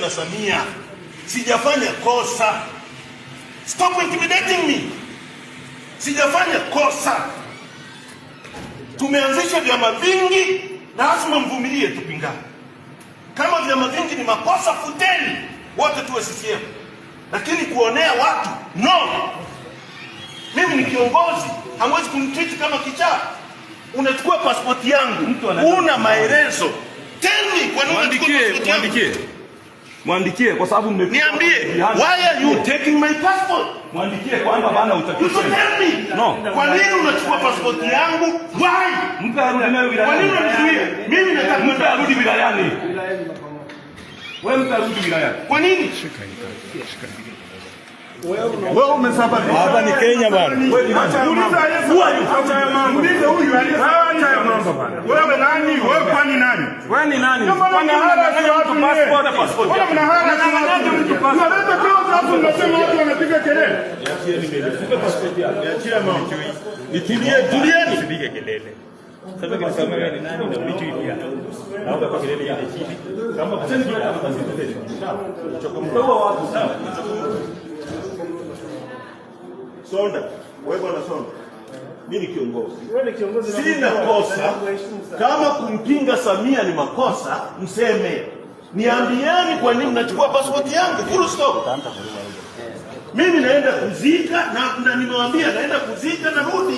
na Samia, sijafanya kosa. Stop intimidating me, sijafanya kosa. Tumeanzisha vyama vingi na lazima mvumilie, tupingane. Kama vyama vingi ni makosa, futeni wote tuwe CCM, lakini kuonea watu no. Mimi ni kiongozi, hamwezi kumtreat kama kichaa. Unachukua pasipoti yangu, una maelezo teni, kwa nini unachukua pasipoti yangu? Mwandikie kwa sababu mmekuja. Niambie. Why are you taking my passport? Mwandikie kwamba bana utaki. So tell me. No. Kwa nini unachukua passport yangu? Why? Mpe arudi nayo bila. Kwa nini unanizuia? Mimi nataka mpe arudi bila yani. Wewe mpe arudi bila yani. Kwa nini? Shika hii. Shika hii. Wewe umesaba hapa ni Kenya bwana. Muulize Yesu huyu mambo. Muulize huyu aliyesema mambo bwana. Wewe nani? Wewe kwani nani? Wewe ni nani? Kwani hapa sio watu passport na passport. Wewe mna hapa sio watu mtu passport. Unaleta kila sababu unasema watu wanapiga kelele. Niachie nimelifuta passport yako. Niachie mambo. Nitilie tulieni. Sipige kelele. Sasa kwa sababu mimi ni nani na mimi ulijui pia. Naomba kwa kelele ya chini. Kama kutengeneza nafasi tutashinda. Chokomoa watu sawa sonda, wewe bwana sonda, mimi ni kiongozi, sina kosa. Kama kumpinga Samia ni makosa, mseme, niambiani kwa nini mnachukua pasipoti yangu, full stop. Mimi naenda kuzika na, na nimewaambia naenda kuzika na rudi